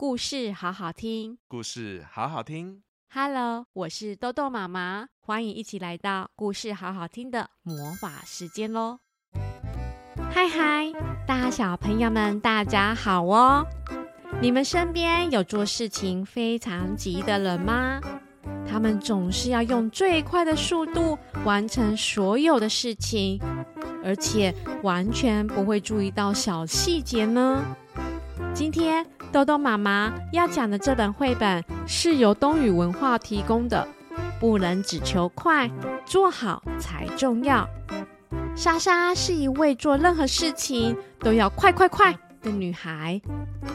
故事好好聽，故事好好聽。Hello，我是荳荳媽媽，歡迎一起來到故事好好聽的魔法時間囉！嗨嗨，大小朋友們，大家好哦！你們身邊有做事情非常急的人嗎？他們總是要用最快的速度完成所有的事情，而且完全不會注意到小細節呢。今天。荳荳媽媽要講的這本繪本是由東雨文化提供的，不能只求快，做好才重要。莎莎是一位做任何事情都要快快快的女孩，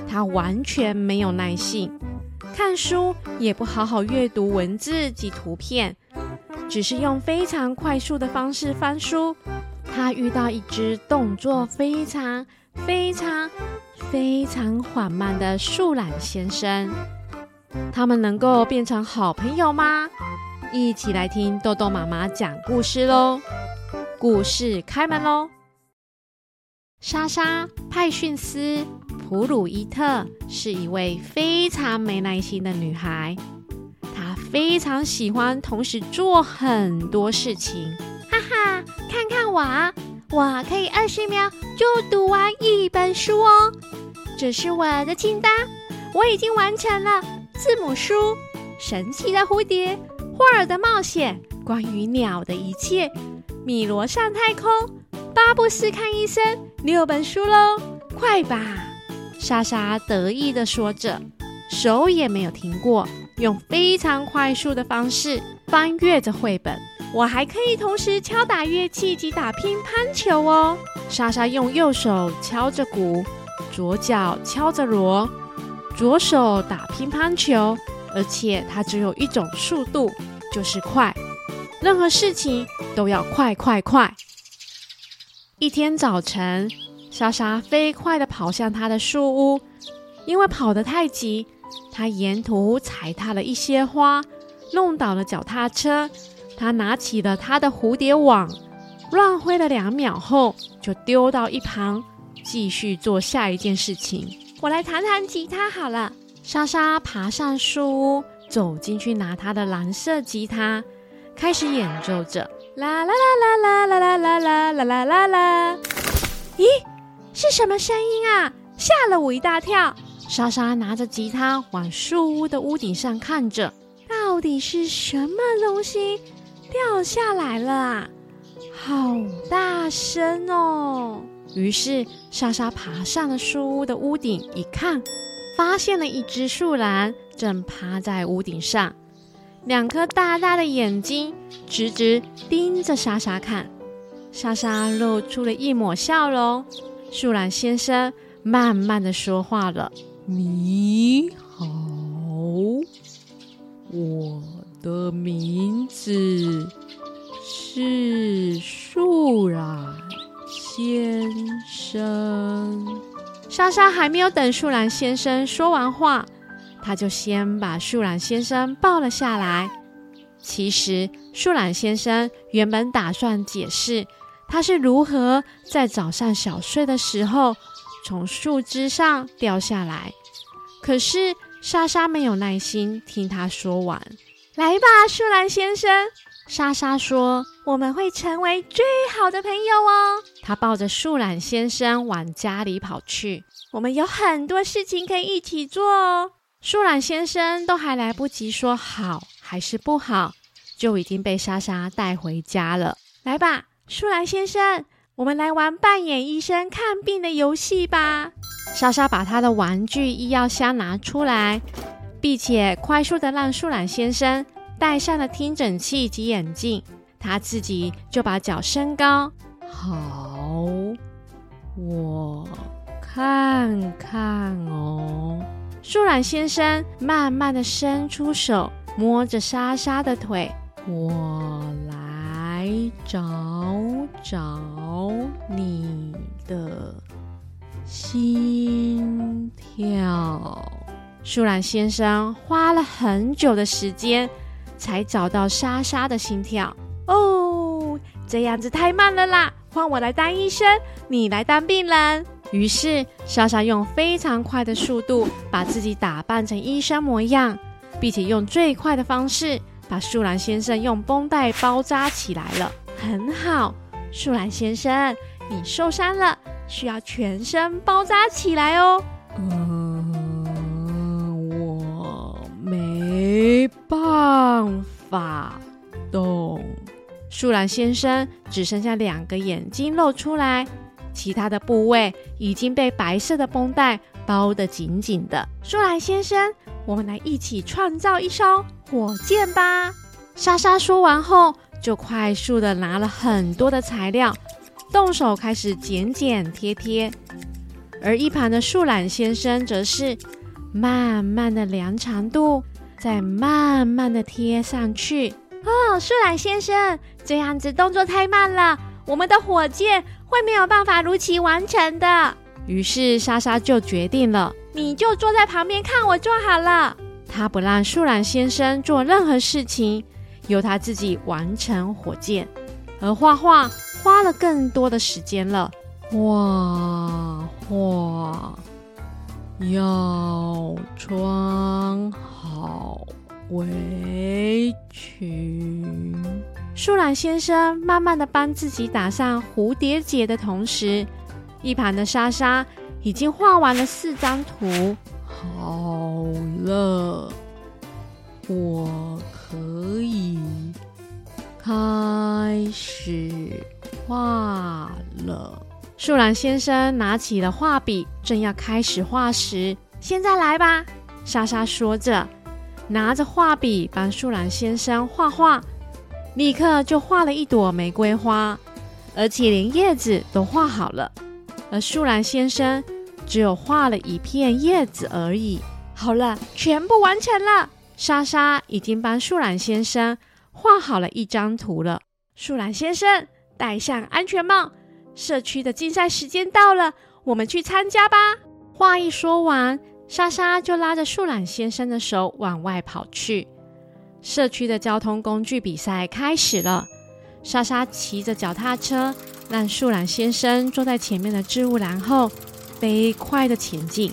她完全沒有耐性，看書也不好好閱讀文字及圖片，只是用非常快速的方式翻書。她遇到一隻動作非常非常。非常緩慢的樹懶先生，他們能夠變成好朋友嗎？一起來聽豆豆媽媽講故事嘍！故事開門嘍！莎莎·帕遜斯·普魯伊特是一位非常沒耐心的女孩，她非常喜歡同時做很多事情。哈哈，看看我啊！我可以二十秒就讀完一本書哦！這是我的清單，我已經完成了：字母書、神奇的蝴蝶、花兒的冒險、關於鳥的一切、米羅上太空、巴布斯看醫生。六本書嘍！快吧，莎莎得意地說着，手也沒有停過，用非常快速的方式翻閱着繪本。我還可以同時敲打樂器及打乒乓球哦。莎莎用右手敲着鼓，左腳敲着鑼，左手打乒乓球，而且她只有一種速度，就是快。任何事情都要快快快。一天早晨，莎莎飛快地跑向她的樹屋，因為跑得太急，她沿途踩踏了一些花，弄倒了腳踏車。她拿起了她的蝴蝶網，亂揮了兩秒後，就丟到一旁，繼續做下一件事情。我來彈彈吉他好了。莎莎爬上樹屋，走進去拿她的藍色吉他，開始演奏着。啦啦啦啦啦啦啦啦啦啦啦啦，啦，啦，啦，啦。咦，是什麼聲音啊？嚇了我一大跳。莎莎拿着吉他往樹屋的屋頂上看着，到底是什麼東西？掉下來了啊！好大聲哦！於是莎莎爬上了樹屋的屋頂，一看，發現了一隻樹懶正趴在屋頂上，兩顆大大的眼睛直直盯着莎莎看。莎莎露出了一抹笑容。樹懶先生慢慢的說話了：“你好，我。”的名字是樹懶先生。莎莎還沒有等樹懶先生說完話，她就先把樹懶先生抱了下來。其實，樹懶先生原本打算解釋他是如何在早上小睡的時候從樹枝上掉下來，可是莎莎沒有耐心聽他說完。來吧，樹懶先生！莎莎說：“我們會成為最好的朋友哦。”她抱着樹懶先生往家裡跑去。我們有很多事情可以一起做哦。樹懶先生都還來不及說好還是不好，就已經被莎莎帶回家了。來吧，樹懶先生，我們來玩扮演醫生看病的遊戲吧。莎莎把她的玩具醫藥箱拿出來。並且快速地讓樹懶先生戴上了聽診器及眼鏡，他自己就把腳伸高。好，我看看哦。樹懶先生慢慢地伸出手，摸着莎莎的腿，我來找找你的心跳。樹懶先生花了很久的時間，才找到莎莎的心跳。哦，這樣子太慢了啦！換我來當醫生，你來當病人。於是莎莎用非常快的速度把自己打扮成醫生模樣，並且用最快的方式把樹懶先生用繃帶包紮起來了。很好，樹懶先生，你受傷了，需要全身包紮起來哦。嗯。沒辦法動，動樹懶先生只剩下兩個眼睛露出來，其他的部位已經被白色的繃帶包得緊緊的。樹懶先生，我們來一起創造一艘火箭吧！莎莎說完後，就快速的拿了很多的材料，動手開始剪剪貼貼，而一旁的樹懶先生則是慢慢的量長度。再慢慢地貼上去哦。樹懶先生，這樣子動作太慢了，我們的火箭會沒有辦法如期完成的。於是莎莎就決定了，你就坐在旁邊看我做好了。她不讓樹懶先生做任何事情，由她自己完成火箭。而畫畫花了更多的時間了。畫畫要裝好。好，圍裙。樹懶先生慢慢的幫自己打上蝴蝶結的同時，一旁的莎莎已經畫完了四張圖。好了，我可以開始畫了。樹懶先生拿起了畫筆，正要開始畫時，“現在來吧！”莎莎說着。拿着畫筆幫樹懶先生畫畫，立刻就畫了一朵玫瑰花，而且連葉子都畫好了。而樹懶先生只有畫了一片葉子而已。好了，全部完成了。莎莎已經幫樹懶先生畫好了一張圖了。樹懶先生，戴上安全帽，社區的競賽時間到了，我們去參加吧。話一說完。莎莎就拉着樹懶先生的手往外跑去。社區的交通工具比賽開始了。莎莎騎着腳踏車，讓樹懶先生坐在前面的置物籃後，飛快地前進，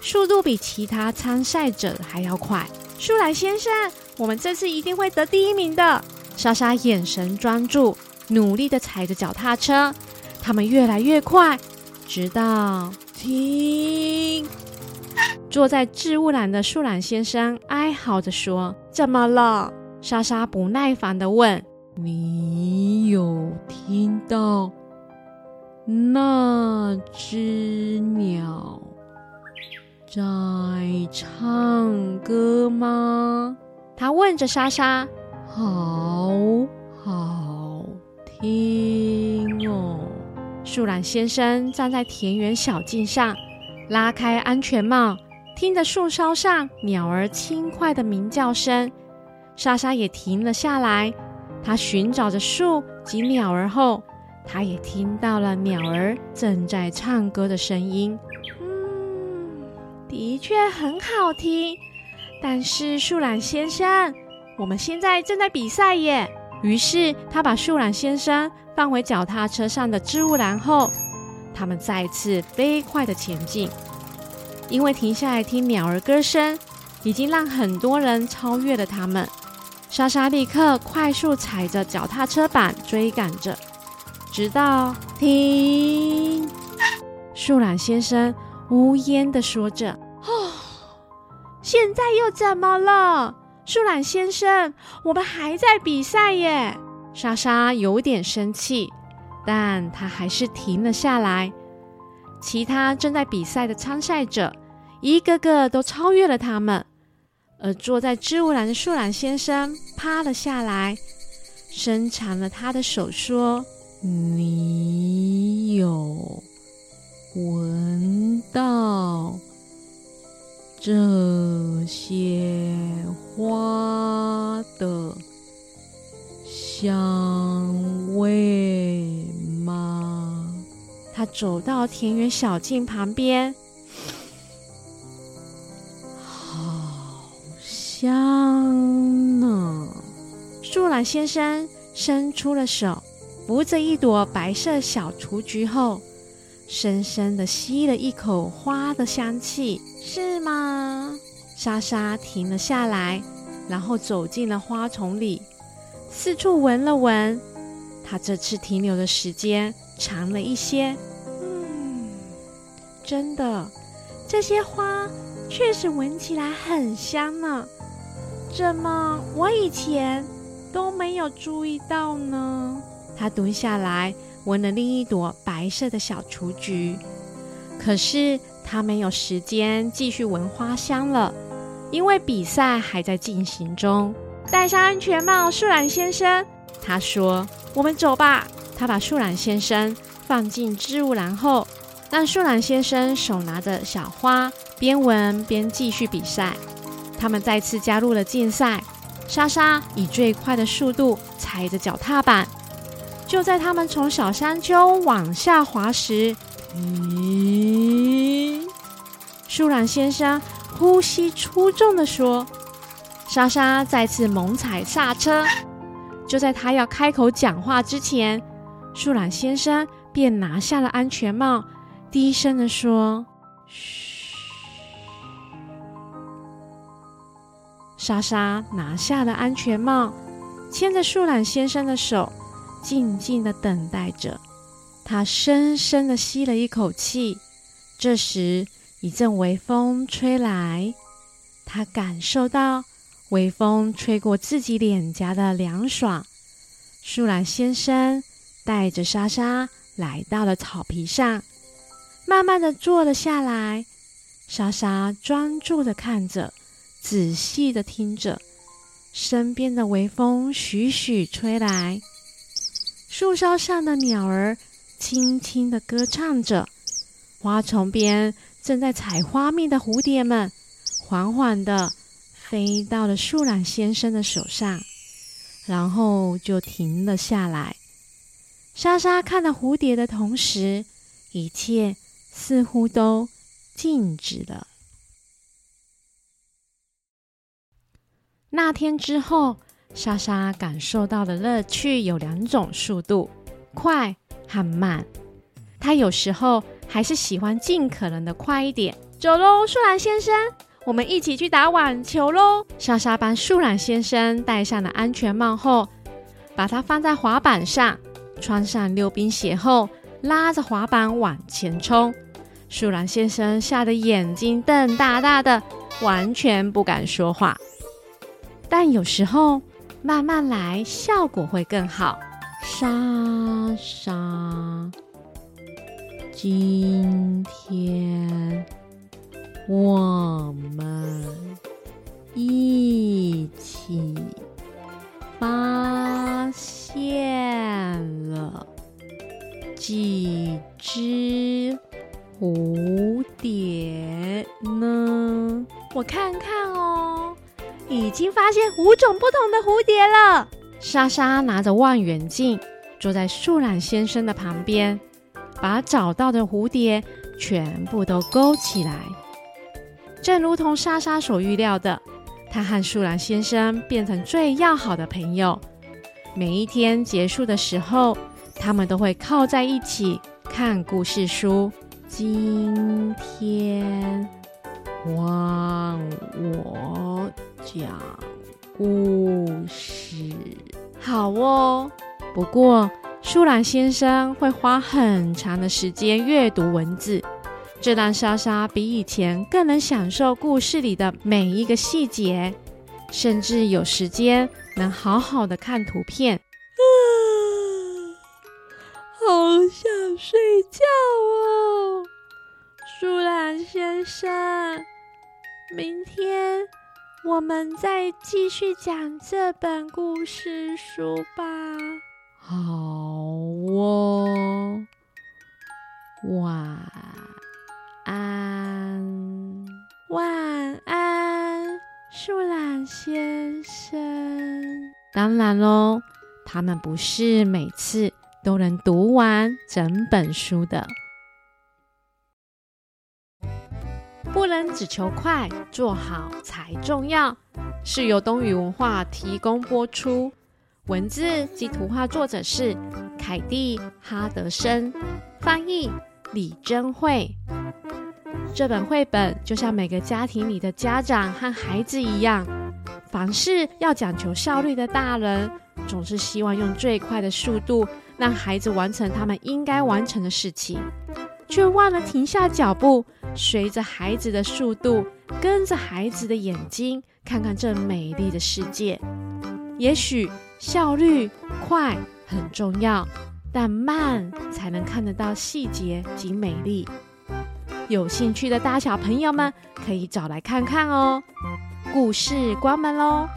速度比其他參賽者還要快。樹懶先生，我們這次一定會得第一名的。莎莎眼神專注，努力地踩着腳踏車。他們越來越快，直到停。坐在置物籃的樹懶先生哀嚎着說：“怎麼了？”莎莎不耐煩地問：“你有聽到那只鳥在唱歌嗎？”他問着莎莎：“好好聽哦。”樹懶先生站在田園小徑上，拉開安全帽。聽着樹梢上鳥兒輕快的鳴叫聲，莎莎也停了下來。她尋找着樹及鳥兒後，她也聽到了鳥兒正在唱歌的聲音。嗯，的確很好聽。但是樹懶先生，我們現在正在比賽耶！於是她把樹懶先生放回腳踏車上的置物籃後，他們再次飛快的前進。因為停下來聽鳥兒歌聲，已經讓很多人超越了他們。莎莎立刻快速踩着腳踏車板追趕着，直到停。樹懶先生嗚咽地說着：“哦，現在又怎麼了？”樹懶先生，我們還在比賽耶！莎莎有點生氣，但她還是停了下來。其他正在比賽的參賽者。一個個都超越了他們，而坐在置物籃的樹懶先生趴了下來，伸長了他的手說：“你有聞到這些花的香味嗎？”他走到田園小徑旁邊。香呢！樹懶先生伸出了手，扶着一朵白色小雛菊後，深深地吸了一口花的香氣，是嗎？莎莎停了下來，然後走進了花叢裡，四處聞了聞。她這次停留的時間長了一些。嗯，真的，這些花確實聞起來很香呢。怎麼？我以前都沒有注意到呢。他蹲下來聞了另一朵白色的小雛菊，可是他沒有時間繼續聞花香了，因為比賽還在進行中。戴上安全帽，樹懶先生。他說：“我們走吧。”他把樹懶先生放進置物籃後，讓樹懶先生手拿着小花，邊聞邊繼續比賽。他們再次加入了競賽。莎莎以最快的速度踩着腳踏板。就在他們從小山丘往下滑時，咦、嗯？樹懶先生呼吸粗重地說：“莎莎再次猛踩剎車。”就在他要開口講話之前，樹懶先生便拿下了安全帽，低聲地說：“噓。”莎莎拿下了安全帽，牽着樹懶先生的手，靜靜的等待着。她深深的吸了一口氣。這時，一陣微風吹來，她感受到微風吹過自己臉頰的涼爽。樹懶先生帶着莎莎來到了草皮上，慢慢的坐了下來。莎莎專注的看着。仔細地聽着，身邊的微風徐徐吹來，樹梢上的鳥兒輕輕地歌唱着，花叢邊正在採花蜜的蝴蝶們緩緩地飛到了樹懶先生的手上，然後就停了下來。莎莎看到蝴蝶的同時，一切似乎都靜止了。那天之後，莎莎感受到的樂趣有兩種速度，快和慢。她有時候還是喜歡盡可能的快一點。走咯，樹懶先生，我們一起去打網球咯！莎莎幫樹懶先生戴上了安全帽後，把它放在滑板上，穿上溜冰鞋後，拉着滑板往前衝。樹懶先生嚇得眼睛瞪大大的，完全不敢說話。但有時候慢慢來，效果會更好。莎莎，今天我們一起發現了幾隻蝴蝶呢？我看看哦。已經發現五種不同的蝴蝶了。莎莎拿着望遠鏡，坐在樹懶先生的旁邊，把找到的蝴蝶全部都勾起來。正如同莎莎所預料的，她和樹懶先生變成最要好的朋友。每一天結束的時候，他們都會靠在一起看故事書。今天，換我。講故事好哦。不過樹懶先生會花很長的時間閱讀文字。這讓莎莎比以前更能享受故事裡的每一個細節，甚至有時間能好好的看圖片。啊，好想睡覺哦，樹懶先生，明天，我們再繼續講這本故事書吧。好哦，哦，晚安，晚安，樹懶先生。當然咯，他們不是每次都能讀完整本書的。不能只求快，做好才重要。是由東雨文化提供播出，文字及圖畫作者是凱蒂·哈德森，翻譯李貞慧。這本繪本就像每個家庭裡的家長和孩子一樣，凡事要講求效率的大人，總是希望用最快的速度讓孩子完成他們應該完成的事情，卻忘了停下腳步。隨着孩子的速度，跟着孩子的眼睛，看看這美麗的世界。也許效率快很重要，但慢才能看得到細節及美麗。有興趣的大小朋友們，可以找來看看哦。故事關門嘍。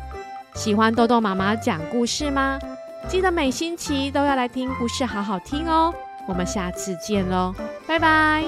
喜歡豆豆媽媽講故事嗎？記得每星期都要來聽故事，好好聽哦。我們下次見嘍，拜拜。